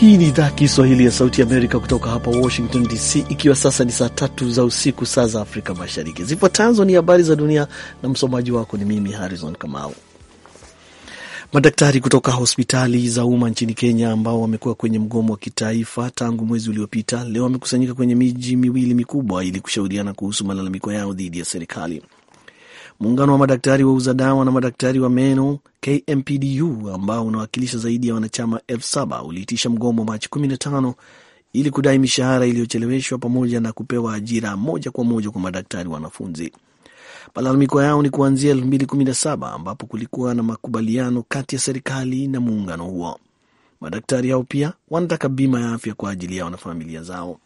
Hii ni idhaa Kiswahili ya Sauti Amerika kutoka hapa Washington DC, ikiwa sasa ni saa tatu za usiku, saa za Afrika Mashariki. Zifuatazo ni habari za dunia na msomaji wako ni mimi Harrison Kamau. Madaktari kutoka hospitali za umma nchini Kenya ambao wamekuwa kwenye mgomo wa kitaifa tangu mwezi uliopita, leo wamekusanyika kwenye miji miwili mikubwa ili kushauriana kuhusu malalamiko yao dhidi ya serikali. Muungano wa madaktari wa uza dawa na madaktari wa meno KMPDU, ambao unawakilisha zaidi ya wanachama elfu saba uliitisha mgomo Machi 15 ili kudai mishahara iliyocheleweshwa pamoja na kupewa ajira moja kwa moja kwa madaktari wanafunzi. Malalamiko yao ni kuanzia 2017 ambapo kulikuwa na makubaliano kati ya serikali na muungano huo. Madaktari hao pia wanataka bima ya afya kwa ajili yao na familia zao.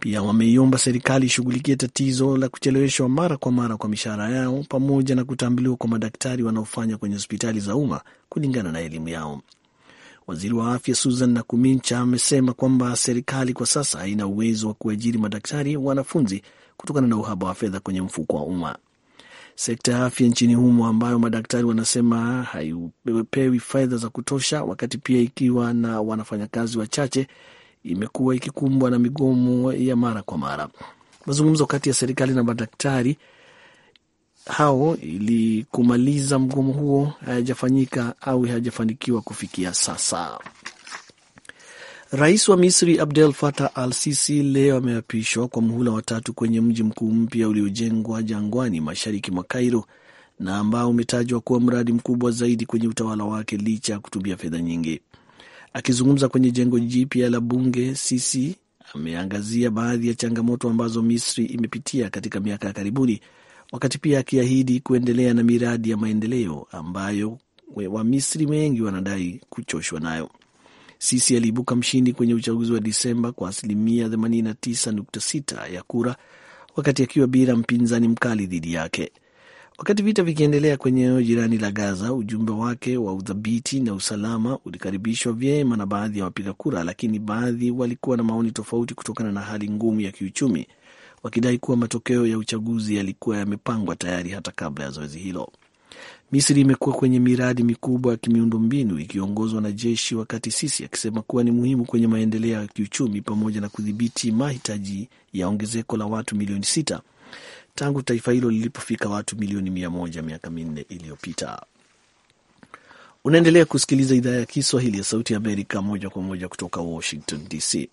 Pia wameiomba serikali ishughulikie tatizo la kucheleweshwa mara kwa mara kwa mishahara yao pamoja na kutambuliwa kwa madaktari wanaofanya kwenye hospitali za umma kulingana na elimu yao. Waziri wa afya Susan Nakumincha amesema kwamba serikali kwa sasa haina uwezo wa kuajiri madaktari wanafunzi kutokana na uhaba wa fedha kwenye mfuko wa umma. Sekta ya afya nchini humo ambayo madaktari wanasema haipewi fedha za kutosha, wakati pia ikiwa na wanafanyakazi wachache, imekuwa ikikumbwa na migomo ya mara kwa mara. Mazungumzo kati ya serikali na madaktari hao ili kumaliza mgomo huo hayajafanyika au hayajafanikiwa kufikia sasa. Rais wa Misri Abdel Fattah Al Sisi leo ameapishwa kwa muhula watatu kwenye mji mkuu mpya uliojengwa jangwani mashariki mwa kairo na ambao umetajwa kuwa mradi mkubwa zaidi kwenye utawala wake licha ya kutumia fedha nyingi. Akizungumza kwenye jengo jipya la bunge, Sisi ameangazia baadhi ya changamoto ambazo Misri imepitia katika miaka ya karibuni, wakati pia akiahidi kuendelea na miradi ya maendeleo ambayo Wamisri wengi wanadai kuchoshwa nayo. Sisi aliibuka mshindi kwenye uchaguzi wa Disemba kwa asilimia 89.6 ya kura, wakati akiwa bila mpinzani mkali dhidi yake. Wakati vita vikiendelea kwenye eneo jirani la Gaza, ujumbe wake wa udhabiti na usalama ulikaribishwa vyema na baadhi ya wapiga kura, lakini baadhi walikuwa na maoni tofauti kutokana na hali ngumu ya kiuchumi, wakidai kuwa matokeo ya uchaguzi yalikuwa yamepangwa tayari hata kabla ya zoezi hilo. Misri imekuwa kwenye miradi mikubwa ya kimiundombinu ikiongozwa na jeshi, wakati Sisi akisema kuwa ni muhimu kwenye maendeleo ya kiuchumi pamoja na kudhibiti mahitaji ya ongezeko la watu milioni sita tangu taifa hilo lilipofika watu milioni mia moja miaka minne iliyopita. Unaendelea kusikiliza idhaa ya Kiswahili ya Sauti ya Amerika moja kwa moja kutoka Washington DC.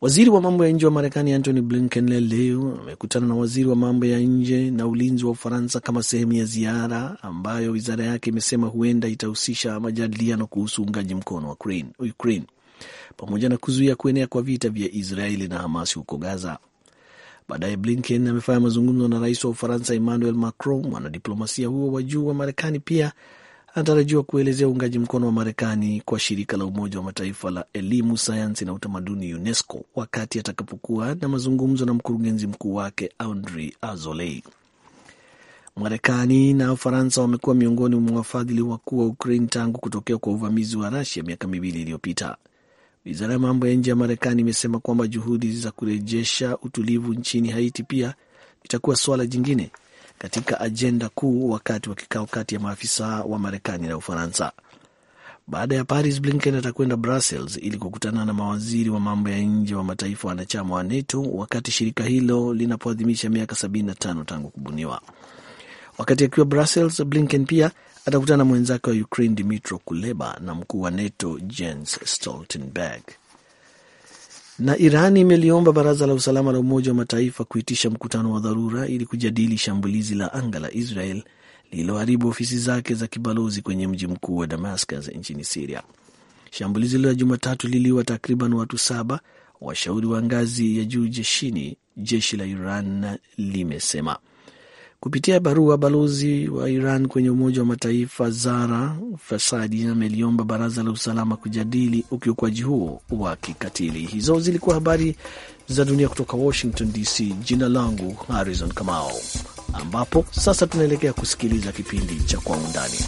Waziri wa mambo ya nje wa Marekani Antony Blinken leo amekutana na waziri wa mambo ya nje na ulinzi wa Ufaransa kama sehemu ya ziara ambayo wizara yake imesema huenda itahusisha majadiliano kuhusu uungaji mkono wa Ukraine pamoja na kuzuia kuenea kwa vita vya Israeli na Hamas huko Gaza. Baadaye Blinken amefanya mazungumzo na rais wa Ufaransa Emmanuel Macron. Mwanadiplomasia huo wa juu wa Marekani pia anatarajiwa kuelezea uungaji mkono wa Marekani kwa shirika la Umoja wa Mataifa la elimu, sayansi na utamaduni UNESCO wakati atakapokuwa na mazungumzo na mkurugenzi mkuu wake Andri Azolei. Marekani na Ufaransa wamekuwa miongoni mwa wafadhili wakuu wa Ukraine tangu kutokea kwa uvamizi wa Rusia miaka miwili iliyopita. Wizara ya mambo ya nje ya Marekani imesema kwamba juhudi za kurejesha utulivu nchini Haiti pia itakuwa suala jingine katika ajenda kuu wakati wa kikao kati ya maafisa wa Marekani na Ufaransa. Baada ya Paris, Blinken atakwenda Brussels ili kukutana na mawaziri wa mambo ya nje wa mataifa wanachama wa NATO wakati shirika hilo linapoadhimisha miaka 75 tangu kubuniwa. Wakati akiwa Brussels, Blinken pia atakutana mwenzake wa Ukraine Dmytro Kuleba na mkuu wa NATO Jens Stoltenberg. Na Iran imeliomba baraza la usalama la Umoja wa Mataifa kuitisha mkutano wa dharura ili kujadili shambulizi la anga la Israel lililoharibu ofisi zake za kibalozi kwenye mji mkuu wa Damascus nchini Siria. Shambulizi hilo la Jumatatu liliwa takriban watu saba, washauri wa ngazi ya juu jeshini, jeshi la Iran limesema. Kupitia barua, balozi wa Iran kwenye Umoja wa Mataifa Zara Fasadi ameliomba Baraza la Usalama kujadili ukiukwaji huo wa kikatili. Hizo zilikuwa habari za dunia kutoka Washington DC. Jina langu Harrison Kamao, ambapo sasa tunaelekea kusikiliza kipindi cha Kwa Undani.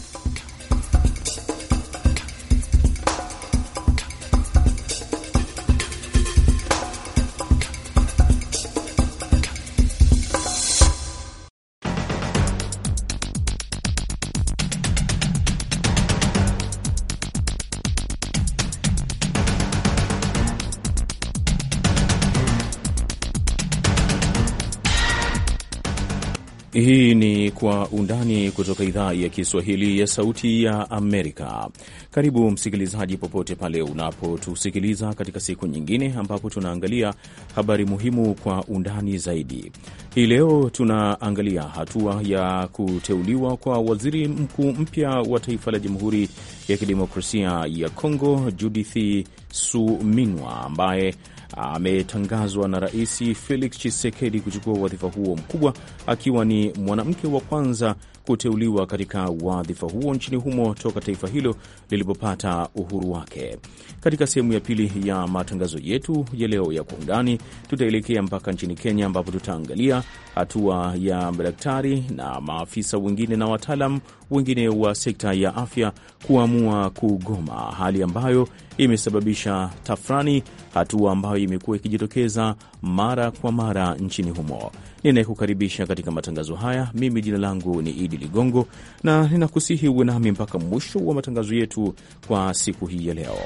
Kwa Undani kutoka idhaa ya Kiswahili ya Sauti ya Amerika. Karibu msikilizaji, popote pale unapotusikiliza katika siku nyingine ambapo tunaangalia habari muhimu kwa undani zaidi. Hii leo tunaangalia hatua ya kuteuliwa kwa waziri mkuu mpya wa taifa la Jamhuri ya Kidemokrasia ya Kongo, Judith Suminwa ambaye ametangazwa na Rais Felix Tshisekedi kuchukua wadhifa huo mkubwa, akiwa ni mwanamke wa kwanza kuteuliwa katika wadhifa huo nchini humo toka taifa hilo lilipopata uhuru wake. Katika sehemu ya pili ya matangazo yetu ya leo ya Kwa Undani, tutaelekea mpaka nchini Kenya ambapo tutaangalia hatua ya madaktari na maafisa wengine na wataalam wengine wa sekta ya afya kuamua kugoma, hali ambayo imesababisha tafrani, hatua ambayo imekuwa ikijitokeza mara kwa mara nchini humo ninayekukaribisha katika matangazo haya. Mimi jina langu ni Idi Ligongo na ninakusihi uwe nami mpaka mwisho wa matangazo yetu kwa siku hii ya leo.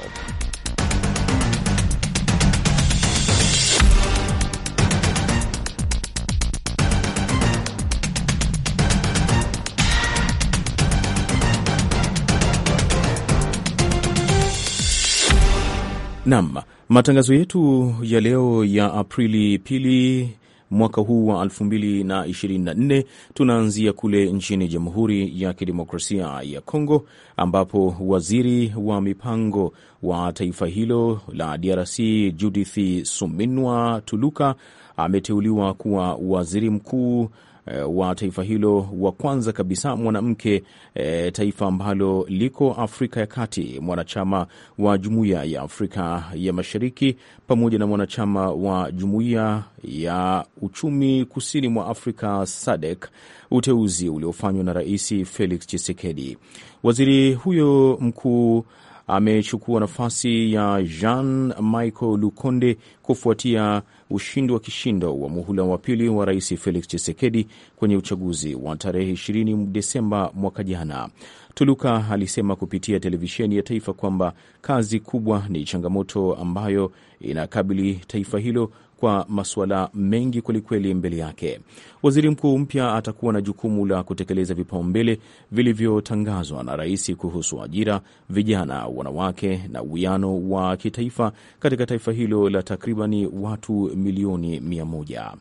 Nam, matangazo yetu ya leo ya Aprili pili mwaka huu wa 2024 tunaanzia kule nchini Jamhuri ya Kidemokrasia ya Kongo, ambapo waziri wa mipango wa taifa hilo la DRC Judith Suminwa Tuluka ameteuliwa kuwa waziri mkuu Eh, wa taifa hilo wa kwanza kabisa mwanamke e, taifa ambalo liko Afrika ya Kati, mwanachama wa Jumuiya ya Afrika ya Mashariki pamoja na mwanachama wa Jumuiya ya Uchumi Kusini mwa Afrika SADC, uteuzi uliofanywa na Rais Felix Tshisekedi. Waziri huyo mkuu amechukua nafasi ya Jean Michael Lukonde kufuatia ushindi wa kishindo wa muhula wa pili wa Rais Felix chisekedi kwenye uchaguzi wa tarehe 20 Desemba mwaka jana. Tuluka alisema kupitia televisheni ya taifa kwamba kazi kubwa ni changamoto ambayo inakabili taifa hilo kwa masuala mengi kwelikweli mbele yake. Waziri mkuu mpya atakuwa na jukumu la kutekeleza vipaumbele vilivyotangazwa na rais kuhusu ajira, vijana, wanawake na uwiano wa kitaifa katika taifa hilo la takribani watu milioni mia moja.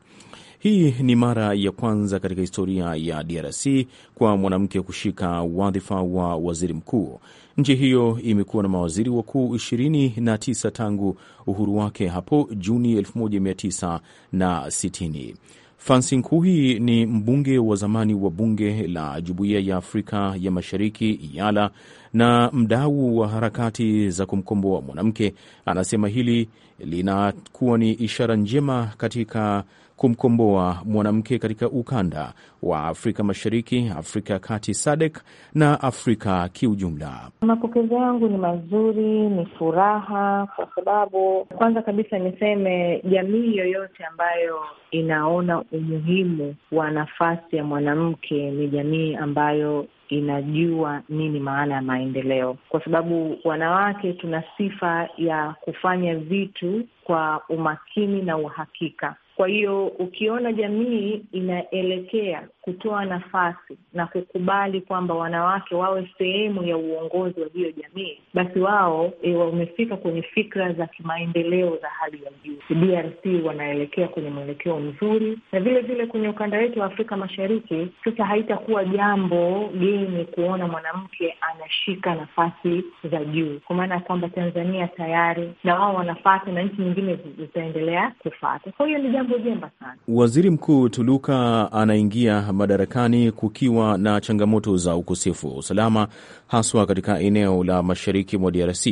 Hii ni mara ya kwanza katika historia ya DRC kwa mwanamke kushika wadhifa wa waziri mkuu. Nchi hiyo imekuwa na mawaziri wakuu 29 tangu uhuru wake hapo Juni 1960. Fansi Nkuhi ni mbunge wa zamani wa bunge la Jumuiya ya Afrika ya Mashariki, IALA, na mdau wa harakati za kumkomboa mwanamke anasema hili linakuwa ni ishara njema katika kumkomboa mwanamke katika ukanda wa Afrika Mashariki, Afrika ya Kati, SADC na Afrika kiujumla. mapokezo yangu ni mazuri, ni furaha, kwa sababu kwanza kabisa niseme jamii yoyote ambayo inaona umuhimu wa nafasi ya mwanamke ni jamii ambayo inajua nini maana ya maendeleo, kwa sababu wanawake tuna sifa ya kufanya vitu kwa umakini na uhakika. Kwa hiyo ukiona jamii inaelekea kutoa nafasi na kukubali kwamba wanawake wawe sehemu ya uongozi wa hiyo jamii, basi wao e, wamefika kwenye fikra za kimaendeleo za hali ya juu. DRC wanaelekea kwenye mwelekeo mzuri, na vile vile kwenye ukanda wetu wa Afrika Mashariki. Sasa haitakuwa jambo geni kuona mwanamke anashika nafasi za juu, kwa maana ya kwamba Tanzania tayari na wao wanafata na nchi nyingine zitaendelea kufata. Kwa hiyo ni jambo haijajemba sana. Waziri Mkuu Tuluka anaingia madarakani kukiwa na changamoto za ukosefu wa usalama, haswa katika eneo la mashariki mwa DRC.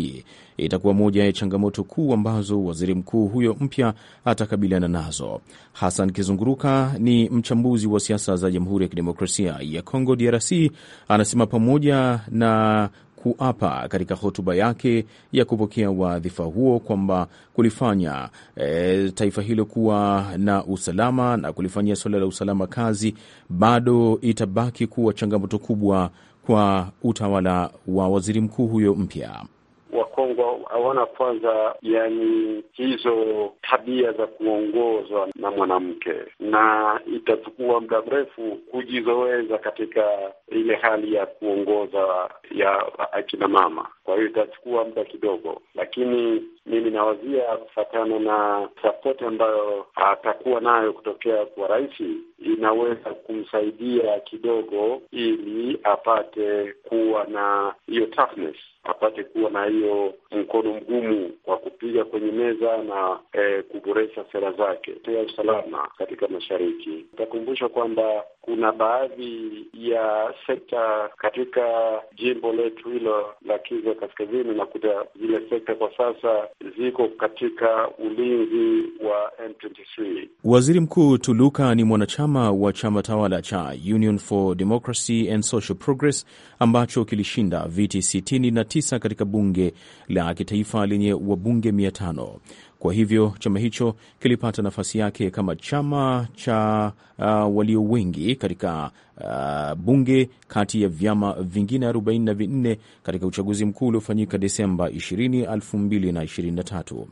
Itakuwa moja ya changamoto kuu ambazo waziri mkuu huyo mpya atakabiliana nazo. Hassan Kizunguruka ni mchambuzi wa siasa za Jamhuri ya Kidemokrasia ya Kongo, DRC, anasema pamoja na kuapa katika hotuba yake ya kupokea wadhifa huo kwamba kulifanya e, taifa hilo kuwa na usalama na kulifanyia suala la usalama kazi bado itabaki kuwa changamoto kubwa kwa utawala wa waziri mkuu huyo mpya. Wakongwa hawana kwanza, yani hizo tabia za kuongozwa na mwanamke, na itachukua muda mrefu kujizoeza katika ile hali ya kuongoza ya akina mama. Kwa hiyo itachukua muda kidogo, lakini mimi nawazia kufatana na sapoti ambayo atakuwa nayo kutokea kwa rais, inaweza kumsaidia kidogo, ili apate kuwa na hiyo toughness, apate kuwa na hiyo mko mkono mgumu kwa kupiga kwenye meza na eh, kuboresha sera zake ya usalama katika mashariki. Itakumbusha kwamba kuna baadhi ya sekta katika jimbo letu hilo la Kivu Kaskazini, kuta zile sekta kwa sasa ziko katika ulinzi wa M23. Waziri Mkuu Tuluka ni mwanachama wa chama tawala cha Union for Democracy and Social Progress ambacho kilishinda viti 69 katika bunge la kitaifa lenye wabunge mia tano. Kwa hivyo chama hicho kilipata nafasi yake kama chama cha uh, walio wengi katika uh, bunge kati ya vyama vingine 44 katika uchaguzi mkuu uliofanyika Desemba 20, 2023.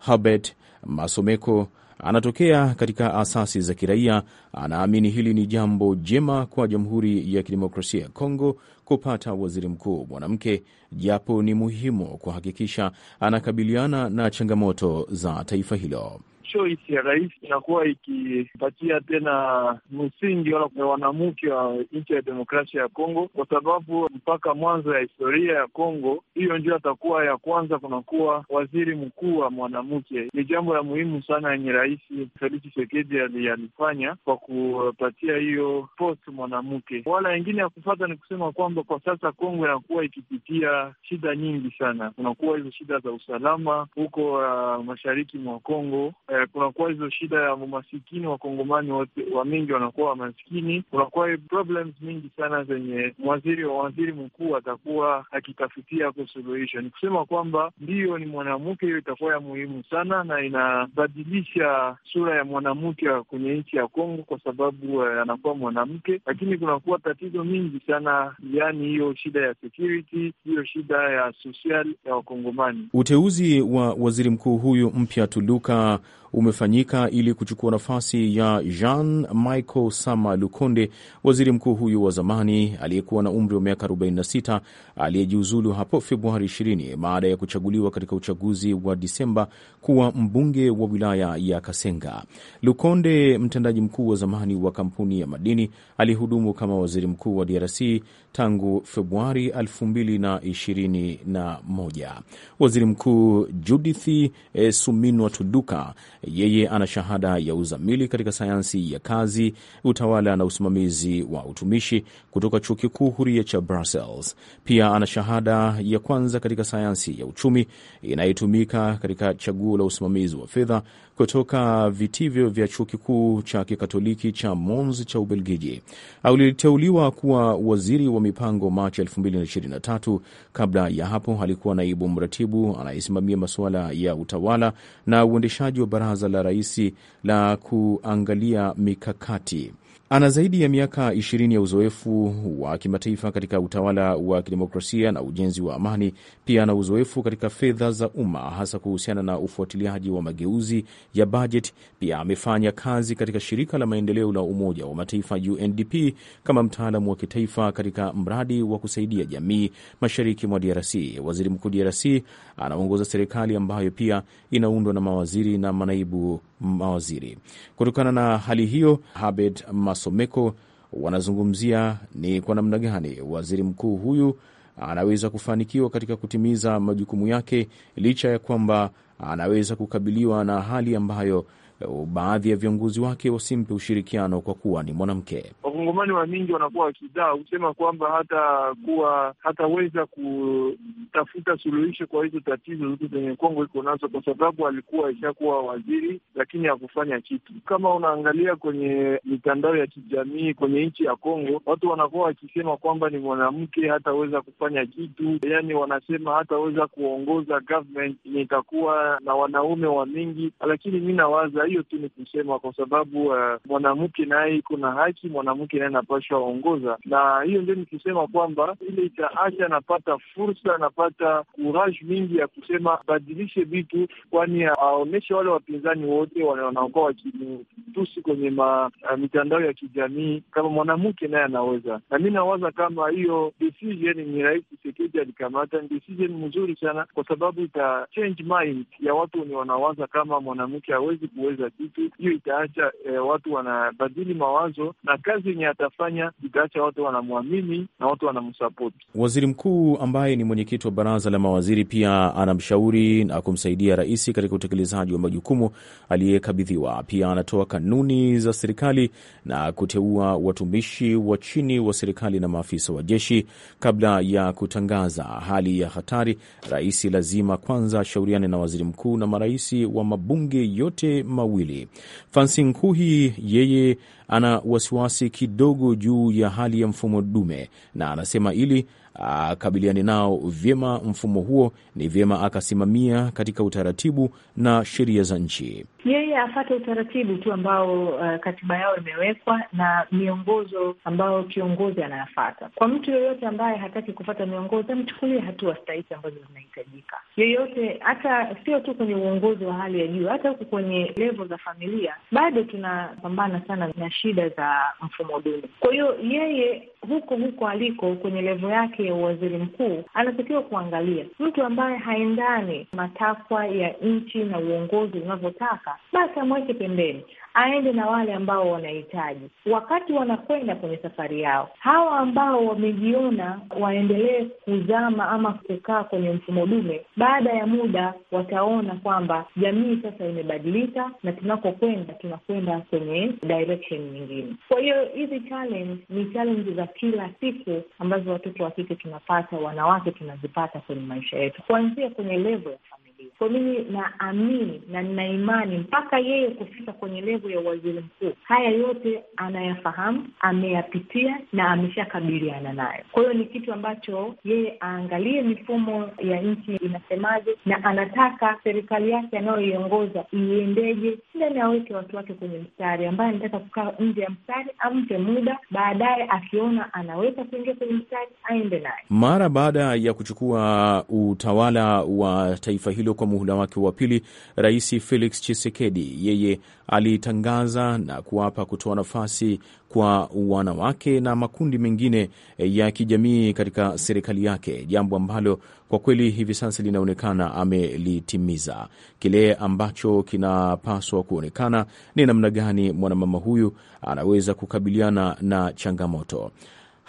Herbert Masomeko anatokea katika asasi za kiraia, anaamini hili ni jambo jema kwa Jamhuri ya Kidemokrasia ya Kongo kupata waziri mkuu mwanamke, japo ni muhimu kuhakikisha anakabiliana na changamoto za taifa hilo choice ya rais inakuwa ikipatia tena msingi wala wanamke wa nchi ya demokrasia ya Kongo, kwa sababu mpaka mwanzo ya historia ya Kongo hiyo ndio atakuwa ya kwanza kunakuwa waziri mkuu wa mwanamke. Ni jambo la muhimu sana yenye rais Felix Tshisekedi alifanya kwa kupatia hiyo post mwanamke. Wala wengine ya kufata ni kusema kwamba kwa sasa Kongo inakuwa ikipitia shida nyingi sana, kunakuwa hizo shida za usalama huko uh, mashariki mwa Kongo uh, eh, kunakuwa hizo shida ya umasikini, wakongomani wote wa mingi wanakuwa wamasikini Kunakuwa problems mingi sana zenye mwaziri wa waziri mkuu atakuwa akitafutia suluhisho. Ni kusema kwamba ndiyo, ni mwanamke, hiyo itakuwa ya muhimu sana na inabadilisha sura ya mwanamke kwenye nchi ya Kongo kwa sababu eh, anakuwa mwanamke, lakini kunakuwa tatizo mingi sana yani hiyo shida ya security, hiyo shida ya social ya wakongomani. Uteuzi wa waziri mkuu huyu mpya Tuluka umefanyika ili kuchukua nafasi ya Jean Michael Sama Lukonde, waziri mkuu huyu wa zamani aliyekuwa na umri wa miaka 46 aliyejiuzulu hapo Februari 20 baada ya kuchaguliwa katika uchaguzi wa Disemba kuwa mbunge wa wilaya ya Kasenga. Lukonde, mtendaji mkuu wa zamani wa kampuni ya madini, alihudumu kama waziri mkuu wa DRC tangu Februari 2021. Waziri Mkuu Judith e, Suminwa Tuduka, yeye ana shahada ya uzamili katika sayansi ya kazi, utawala na usimamizi wa utumishi kutoka Chuo Kikuu Huria cha Brussels. Pia ana shahada ya kwanza katika sayansi ya uchumi inayotumika katika chaguo la usimamizi wa fedha kutoka vitivyo vya Chuo Kikuu cha Kikatoliki cha Mons cha Ubelgiji. Aliteuliwa kuwa waziri wa mipango Machi 2023. Kabla ya hapo alikuwa naibu mratibu anayesimamia masuala ya utawala na uendeshaji wa baraza la rais la kuangalia mikakati ana zaidi ya miaka ishirini ya uzoefu wa kimataifa katika utawala wa kidemokrasia na ujenzi wa amani. Pia ana uzoefu katika fedha za umma, hasa kuhusiana na ufuatiliaji wa mageuzi ya bajeti. Pia amefanya kazi katika shirika la maendeleo la Umoja wa Mataifa, UNDP, kama mtaalamu wa kitaifa katika mradi wa kusaidia jamii mashariki mwa DRC. Waziri Mkuu DRC anaongoza serikali ambayo pia inaundwa na mawaziri na manaibu mawaziri. Kutokana na hali hiyo Habed Someko wanazungumzia ni kwa namna gani waziri mkuu huyu anaweza kufanikiwa katika kutimiza majukumu yake licha ya kwamba anaweza kukabiliwa na hali ambayo Eh, baadhi ya viongozi wake wasimpe ushirikiano kwa kuwa ni mwanamke. Wakongomani wa mingi wanakuwa wakidaa kusema kwamba hata kuwa hataweza kutafuta suluhisho kwa hizo tatizo zote zenye Kongo iko nazo, kwa sababu alikuwa ishakuwa waziri lakini hakufanya kitu. Kama unaangalia kwenye mitandao ya kijamii kwenye nchi ya Kongo, watu wanakuwa wakisema kwamba ni mwanamke hataweza kufanya kitu, yaani wanasema hataweza kuongoza government yenye itakuwa na wanaume wa mingi, lakini mi nawaza hiyo tu ni kusema kwa sababu uh, mwanamke naye iko na haki, mwanamke naye anapashwa ongoza, na hiyo ndio nikusema kwamba ile itaacha anapata fursa, anapata kuraji mingi ya kusema badilishe vitu, kwani aonyeshe wale wapinzani wote wanaokuwa wakimtusi kwenye ma, uh, mitandao ya kijamii kama mwanamke naye anaweza. Na mi nawaza kama hiyo decision ni Rais Tshisekedi alikamata ni decision mzuri sana, kwa sababu ita change mind ya watu wenye wanawaza kama mwanamke hawezi kuweza za kitu Hiyo itaacha e, watu wanabadili mawazo na kazi yenye atafanya itaacha watu wanamwamini na watu wanamsapoti. Waziri mkuu ambaye ni mwenyekiti wa baraza la mawaziri pia anamshauri na kumsaidia rais katika utekelezaji wa majukumu aliyekabidhiwa. Pia anatoa kanuni za serikali na kuteua watumishi wa chini wa serikali na maafisa wa jeshi. Kabla ya kutangaza hali ya hatari, rais lazima kwanza ashauriane na waziri mkuu na marais wa mabunge yote ma wawili. Fansi Nkuhi yeye ana wasiwasi kidogo juu ya hali ya mfumo dume na anasema ili akabiliane nao vyema. Mfumo huo ni vyema akasimamia katika utaratibu na sheria za nchi, yeye afate utaratibu tu ambao uh, katiba yao imewekwa na miongozo ambayo kiongozi anayafata. Kwa mtu yoyote ambaye hataki kufata miongozo, amchukulie hatua stahiki ambazo zinahitajika. Yoyote hata sio tu kwenye uongozi wa hali ya juu, hata huku kwenye levo za familia bado tunapambana sana na shida za mfumo duni. Kwa hiyo yeye huko huko aliko kwenye levo yake ya uwaziri mkuu anatakiwa kuangalia mtu ambaye haendani matakwa ya nchi na uongozi unavyotaka, basi amweke pembeni aende na wale ambao wanahitaji. Wakati wanakwenda kwenye safari yao, hawa ambao wamejiona waendelee kuzama ama kukaa kwenye mfumo dume, baada ya muda wataona kwamba jamii sasa imebadilika na tunakokwenda tunakwenda kwenye direction nyingine. Kwa hiyo hizi challenge ni challenge za kila siku ambazo watoto wa kike tunapata, wanawake tunazipata kwenye maisha yetu, kuanzia kwenye level ya familia kwa mimi naamini na nina imani mpaka yeye kufika kwenye levo ya waziri mkuu, haya yote anayafahamu, ameyapitia na ameshakabiliana nayo. Kwa hiyo ni kitu ambacho yeye aangalie mifumo ya nchi inasemaje, na anataka serikali yake anayoiongoza iendeje, ndani aweke watu wake kwenye mstari, ambaye anataka kukaa nje ya mstari ampe muda, baadaye akiona anaweza kuingia kwenye mstari aende naye. Mara baada ya kuchukua utawala wa taifa hilo kwa muhula wake wa pili, Rais Felix Tshisekedi yeye alitangaza na kuapa kutoa nafasi kwa wanawake na makundi mengine eh, ya kijamii katika serikali yake, jambo ambalo kwa kweli hivi sasa linaonekana amelitimiza. Kile ambacho kinapaswa kuonekana ni namna gani mwanamama huyu anaweza kukabiliana na changamoto.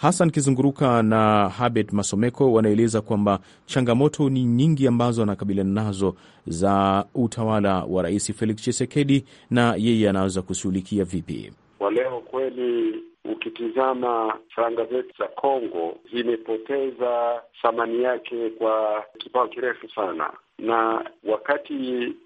Hassan Kizunguruka na Habet Masomeko wanaeleza kwamba changamoto ni nyingi ambazo anakabiliana nazo za utawala wa Rais Felix Tshisekedi, na yeye anaweza kushughulikia vipi kwa leo. Kweli ukitizama faranga zetu za Kongo zimepoteza thamani yake kwa kipao kirefu sana na wakati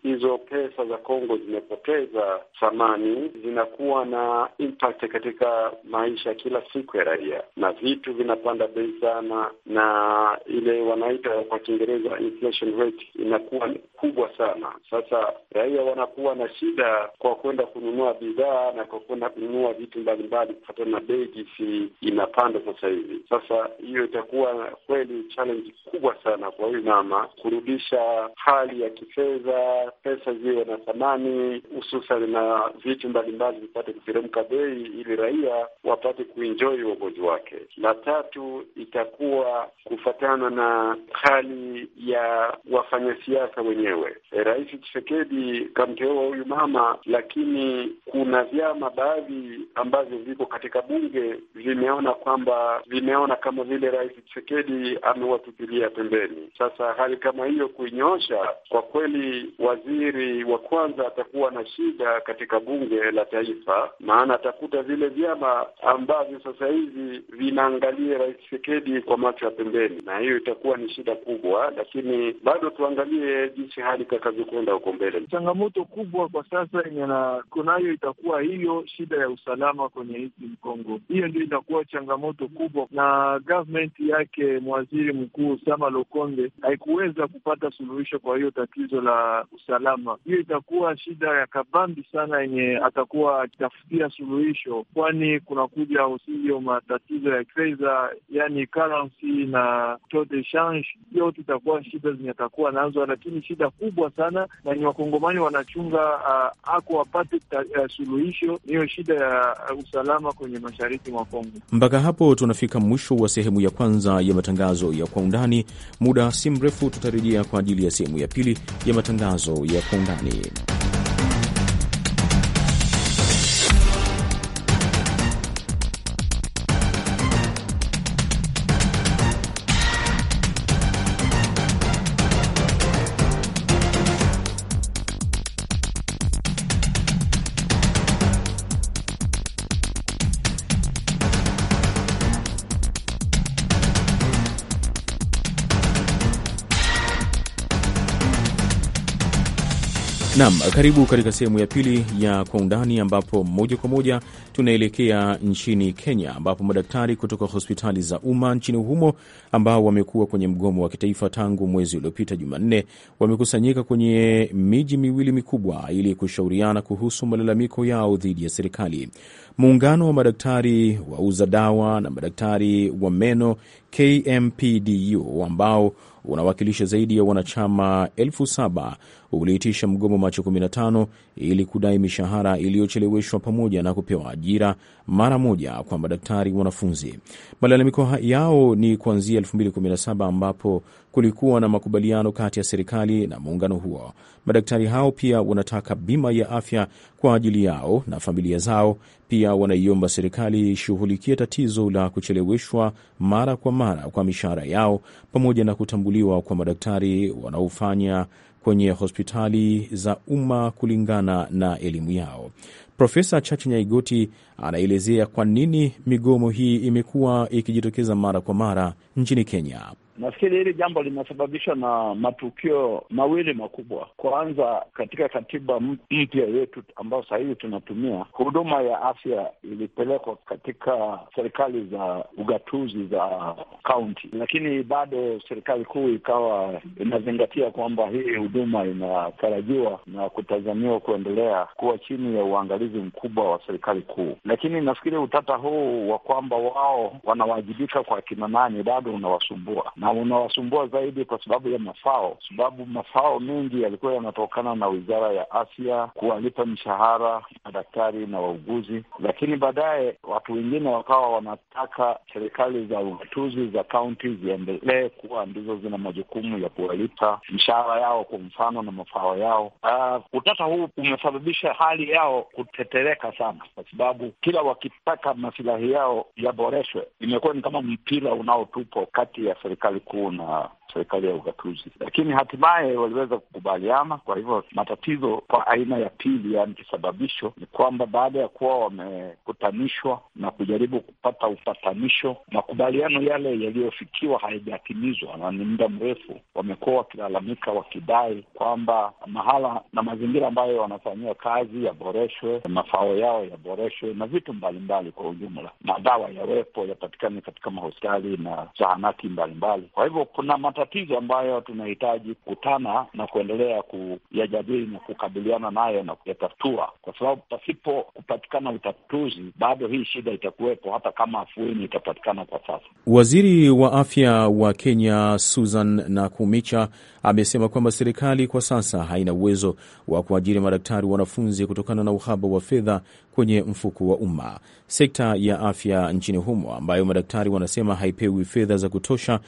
hizo pesa za Kongo zimepoteza thamani, zinakuwa na impact katika maisha ya kila siku ya raia, na vitu vinapanda bei sana, na ile wanaita kwa Kiingereza inflation rate inakuwa kubwa sana. Sasa raia wanakuwa na shida kwa kwenda kununua bidhaa na kwa kwenda kununua vitu mbalimbali kufatana na bei jinsi inapanda sasa hivi. Sasa hiyo itakuwa kweli challenge kubwa sana kwa huyu mama kurudisha hali ya kifedha, pesa ziwe na thamani, hususan na vitu mbalimbali vipate kuteremka bei, ili raia wapate kuenjoy uongozi wake. La tatu itakuwa kufatana na hali ya wafanyasiasa wenyewe. E, Rais Tshisekedi kamteua huyu mama, lakini kuna vyama baadhi ambavyo viko katika bunge vimeona kwamba vimeona kama vile Rais Tshisekedi amewatupilia pembeni. Sasa hali kama hiyo kuinyoa kutosha, kwa kweli waziri wa kwanza atakuwa na shida katika bunge la taifa, maana atakuta vile vyama ambavyo sasa hivi vinaangalia Rais Tshisekedi kwa macho ya pembeni, na hiyo itakuwa ni shida kubwa, lakini bado tuangalie jinsi hali itakavyokwenda huko mbele. Changamoto kubwa kwa sasa yenye kunayo itakuwa hiyo shida ya usalama kwenye nchi mkongo Hiyo ndio itakuwa changamoto kubwa, na government yake mwaziri mkuu Sama Lokonde haikuweza kupata suluhisho suluhisho kwa hiyo tatizo la usalama. Hiyo itakuwa shida ya kabambi sana yenye atakuwa akitafutia suluhisho, kwani kunakuja usivyo matatizo ya fedha, yani currency na taux de change. Yote itakuwa shida zenye atakuwa nazo, lakini shida kubwa sana na ni wakongomani wanachunga uh, ako wapate uh, suluhisho niyo shida ya usalama kwenye mashariki mwa Kongo. Mpaka hapo tunafika mwisho wa sehemu ya kwanza ya matangazo ya kwa undani. Muda si mrefu tutarejea kwa ajili kusikiliza sehemu ya pili ya matangazo ya Kwa Undani. Nam, karibu katika sehemu ya pili ya Kwa Undani, ambapo moja kwa moja tunaelekea nchini Kenya, ambapo madaktari kutoka hospitali za umma nchini humo ambao wamekuwa kwenye mgomo wa kitaifa tangu mwezi uliopita Jumanne wamekusanyika kwenye miji miwili mikubwa ili kushauriana kuhusu malalamiko yao dhidi ya serikali. Muungano wa madaktari wauza dawa na madaktari wa meno KMPDU ambao unawakilisha zaidi ya wanachama elfu saba uliitisha mgomo Machi 15 ili kudai mishahara iliyocheleweshwa pamoja na kupewa ajira mara moja kwa madaktari wanafunzi. Malalamiko yao ni kuanzia 2017 ambapo kulikuwa na makubaliano kati ya serikali na muungano huo. Madaktari hao pia wanataka bima ya afya kwa ajili yao na familia zao. Pia wanaiomba serikali ishughulikie tatizo la kucheleweshwa mara kwa mara kwa mishahara yao pamoja na kutambuliwa kwa madaktari wanaofanya kwenye hospitali za umma kulingana na elimu yao. Profesa Chachi Nyaigoti anaelezea kwa nini migomo hii imekuwa ikijitokeza mara kwa mara nchini Kenya. Nafikiri hili jambo linasababishwa na matukio mawili makubwa. Kwanza, katika katiba mpya yetu ambayo sahizi tunatumia, huduma ya afya ilipelekwa katika serikali za ugatuzi za kaunti, lakini bado serikali kuu ikawa inazingatia kwamba hii huduma inatarajiwa na kutazamiwa kuendelea kuwa chini ya uangalizi mkubwa wa serikali kuu. Lakini nafikiri utata huu wa kwamba wao wanawajibika kwa kina nani bado unawasumbua na unawasumbua zaidi kwa sababu ya mafao, sababu mafao mengi yalikuwa yanatokana na wizara ya afya kuwalipa mshahara madaktari na wauguzi, lakini baadaye watu wengine wakawa wanataka serikali za ugatuzi za kaunti ziendelee kuwa ndizo zina majukumu ya kuwalipa mshahara yao kwa mfano na mafao yao. Uh, utata huu umesababisha hali yao kutetereka sana, kwa sababu kila wakitaka masilahi yao yaboreshwe, imekuwa ni kama mpira unaotupwa kati ya serikali alikuwa na serikali ya ugatuzi, lakini hatimaye waliweza kukubaliana. Kwa hivyo matatizo kwa aina ya pili, yaani kisababisho, ni kwamba baada ya kuwa wamekutanishwa na kujaribu kupata upatanisho, makubaliano yale yaliyofikiwa hayajatimizwa na ni muda mrefu wamekuwa wakilalamika, wakidai kwamba mahala na mazingira ambayo wanafanyia kazi yaboreshwe, mafao yao yaboreshwe na vitu mbalimbali kwa ujumla, madawa yawepo, yapatikane katika mahospitali na zahanati mbalimbali. Kwa hivyo kuna matatizo ambayo tunahitaji kukutana na kuendelea kuyajadili na kukabiliana nayo na kuyatatua, kwa sababu pasipo kupatikana utatuzi, bado hii shida itakuwepo, hata kama afueni itapatikana kwa sasa. Waziri wa afya wa Kenya Susan Nakumicha amesema kwamba serikali kwa sasa haina uwezo wa kuajiri madaktari wanafunzi kutokana na uhaba wa fedha kwenye mfuko wa umma. Sekta ya afya nchini humo ambayo madaktari wanasema haipewi fedha za kutosha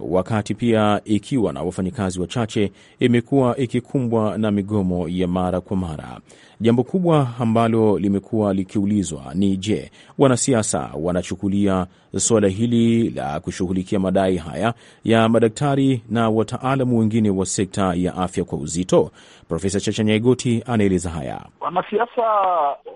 wakati pia ikiwa na wafanyakazi wachache, imekuwa ikikumbwa na migomo ya mara kwa mara. Jambo kubwa ambalo limekuwa likiulizwa ni je, wanasiasa wanachukulia suala hili la kushughulikia madai haya ya madaktari na wataalamu wengine wa sekta ya afya kwa uzito? Profesa Chacha Nyaigoti anaeleza haya. Wanasiasa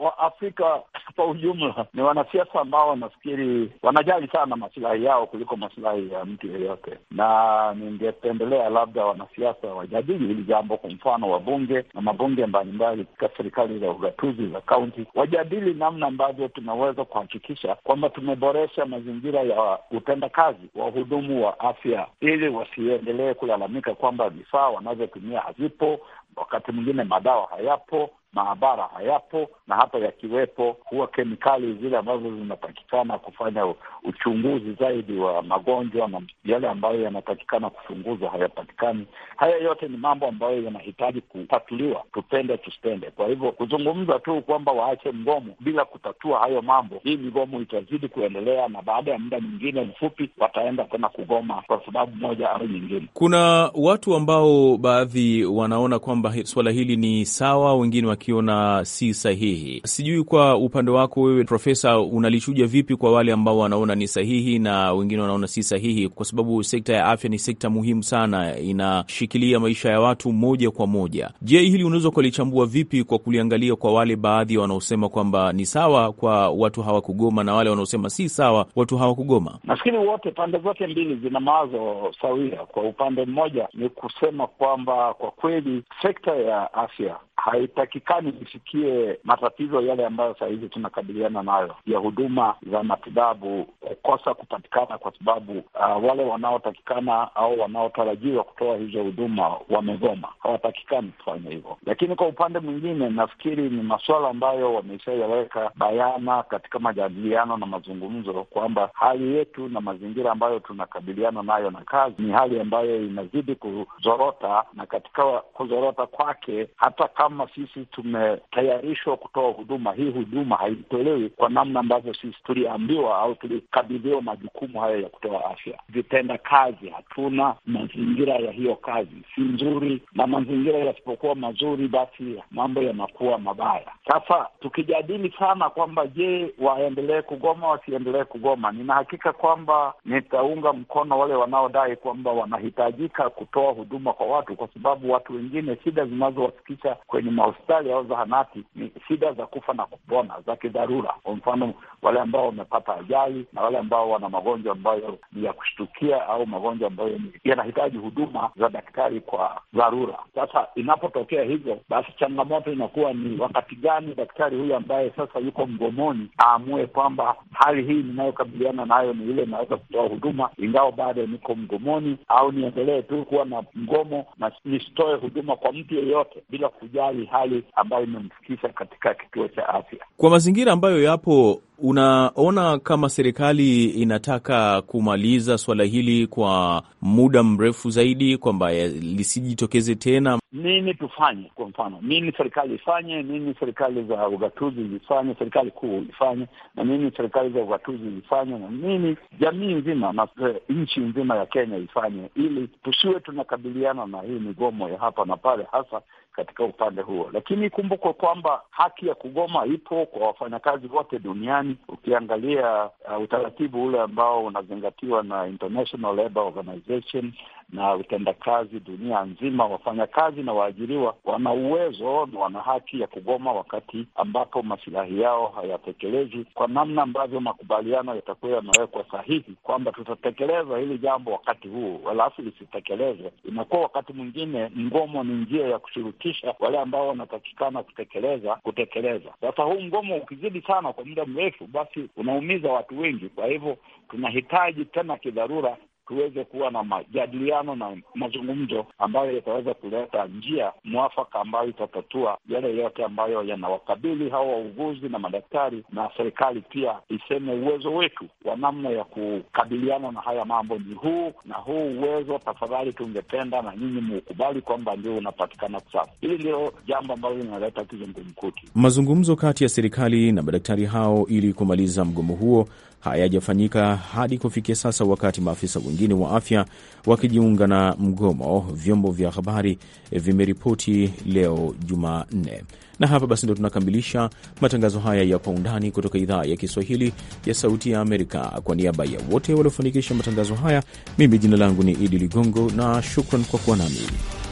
wa Afrika kwa ujumla ni wanasiasa ambao wanafikiri wanajali sana masilahi yao kuliko masilahi ya mtu yeyote, na ningependelea labda wanasiasa wajadili hili jambo, kwa mfano wabunge na mabunge mbalimbali katika serikali za ugatuzi za kaunti wajadili namna ambavyo tunaweza kuhakikisha kwamba tumeboresha mazingira ya utendakazi wa uhudumu wa afya, ili wasiendelee kulalamika kwamba vifaa wanavyotumia havipo, wakati mwingine madawa hayapo maabara hayapo, na hata yakiwepo huwa kemikali zile ambazo zinatakikana kufanya uchunguzi zaidi wa magonjwa na yale ambayo yanatakikana kuchunguzwa hayapatikani. Haya yote ni mambo ambayo yanahitaji kutatuliwa, tupende tusipende. Kwa hivyo kuzungumza tu kwamba waache mgomo bila kutatua hayo mambo, hii migomo itazidi kuendelea, na baada ya muda mwingine mfupi wataenda tena kugoma kwa sababu moja au nyingine. Kuna watu ambao baadhi wanaona kwamba swala hili ni sawa, wengine wakiona si sahihi. Sijui kwa upande wako wewe Profesa, unalichuja vipi kwa wale ambao wanaona ni sahihi na wengine wanaona si sahihi, kwa sababu sekta ya afya ni sekta muhimu sana, inashikilia maisha ya watu moja kwa moja. Je, hili unaweza ukalichambua vipi kwa kuliangalia kwa wale baadhi wanaosema kwamba ni sawa kwa watu hawakugoma na wale wanaosema si sawa watu hawakugoma? Nafikiri wote pande zote mbili zina mawazo sawia. Kwa upande mmoja ni kusema kwamba kwa kweli sekta ya afya haitakikani isikie matatizo yale ambayo sahizi tunakabiliana nayo ya huduma za matibabu kukosa kupatikana, kwa sababu uh, wale wanaotakikana au wanaotarajiwa kutoa hizo huduma wamegoma, hawatakikani kufanya hivyo. Lakini kwa upande mwingine, nafikiri ni masuala ambayo wameshayaweka bayana katika majadiliano na mazungumzo kwamba hali yetu na mazingira ambayo tunakabiliana nayo na kazi ni hali ambayo inazidi kuzorota, na katika kuzorota kwake hata kama sisi tumetayarishwa kutoa huduma hii, huduma haitolewi kwa namna ambavyo sisi tuliambiwa au tulikabidhiwa majukumu hayo ya kutoa afya. Vitenda kazi hatuna, mazingira ya hiyo kazi si nzuri, na mazingira yasipokuwa mazuri, basi mambo yanakuwa mabaya. Sasa tukijadili sana kwamba je, waendelee kugoma wasiendelee kugoma, nina hakika kwamba nitaunga mkono wale wanaodai kwamba wanahitajika kutoa huduma kwa watu, kwa sababu watu wengine shida zinazowafikisha kwenye mahospitali au zahanati ni shida za kufa na kupona za kidharura. Kwa mfano, wale ambao wamepata ajali na wale ambao wana magonjwa ambayo ni ya kushtukia au magonjwa ambayo yanahitaji huduma za daktari kwa dharura. Sasa inapotokea hivyo, basi changamoto inakuwa ni wakati gani daktari huyu ambaye sasa yuko mgomoni aamue kwamba hali hii ninayokabiliana nayo ni ile inaweza kutoa huduma ingawa bado niko mgomoni, au niendelee tu kuwa na mgomo na nisitoe huduma kwa mtu yeyote bila kuja kujali hali ambayo imemfikisha katika kituo cha afya. Kwa mazingira ambayo yapo, unaona kama serikali inataka kumaliza swala hili kwa muda mrefu zaidi, kwamba lisijitokeze tena? Nini tufanye? Kwa mfano, nini serikali ifanye? Nini serikali za ugatuzi zifanye? Serikali kuu ifanye, na nini serikali za ugatuzi zifanye, na nini jamii nzima na eh, nchi nzima ya Kenya ifanye, ili tusiwe tunakabiliana na hii migomo ya hapa na pale, hasa katika upande huo, lakini ikumbukwe kwamba haki ya kugoma ipo kwa wafanyakazi wote duniani. Ukiangalia uh, utaratibu ule ambao unazingatiwa na International Labour Organization na utendakazi dunia nzima, wafanyakazi na waajiriwa wana uwezo na wana haki ya kugoma wakati ambapo masilahi yao hayatekelezwi kwa namna ambavyo makubaliano yatakuwa yamewekwa sahihi, kwamba tutatekeleza hili jambo wakati huu, halafu lisitekelezwe. Inakuwa wakati mwingine mgomo ni njia ya kushiriki kuhakikisha wale ambao wanatakikana kutekeleza kutekeleza. Sasa huu mgomo ukizidi sana kwa muda mrefu, basi unaumiza watu wengi. Kwa hivyo tunahitaji tena kidharura tuweze kuwa na majadiliano na mazungumzo ambayo yataweza kuleta njia mwafaka ambayo itatatua yale yote ambayo yanawakabili hawa wauguzi na madaktari, na serikali pia iseme uwezo wetu wa namna ya kukabiliana na haya mambo ni huu na huu uwezo, tafadhali, tungependa na nyinyi muukubali kwamba ndio unapatikana sasa. Hili ndio jambo ambalo linaleta kizungumkuti. Mazungumzo kati ya serikali na madaktari hao ili kumaliza mgomo huo hayajafanyika hadi kufikia sasa, wakati maafisa wengine wa afya wakijiunga na mgomo, vyombo vya habari eh, vimeripoti leo Jumanne. Na hapa basi ndo tunakamilisha matangazo haya ya Kwa Undani kutoka idhaa ya Kiswahili ya Sauti ya Amerika. Kwa niaba ya wote waliofanikisha matangazo haya, mimi jina langu ni Idi Ligongo na shukran kwa kuwa nami.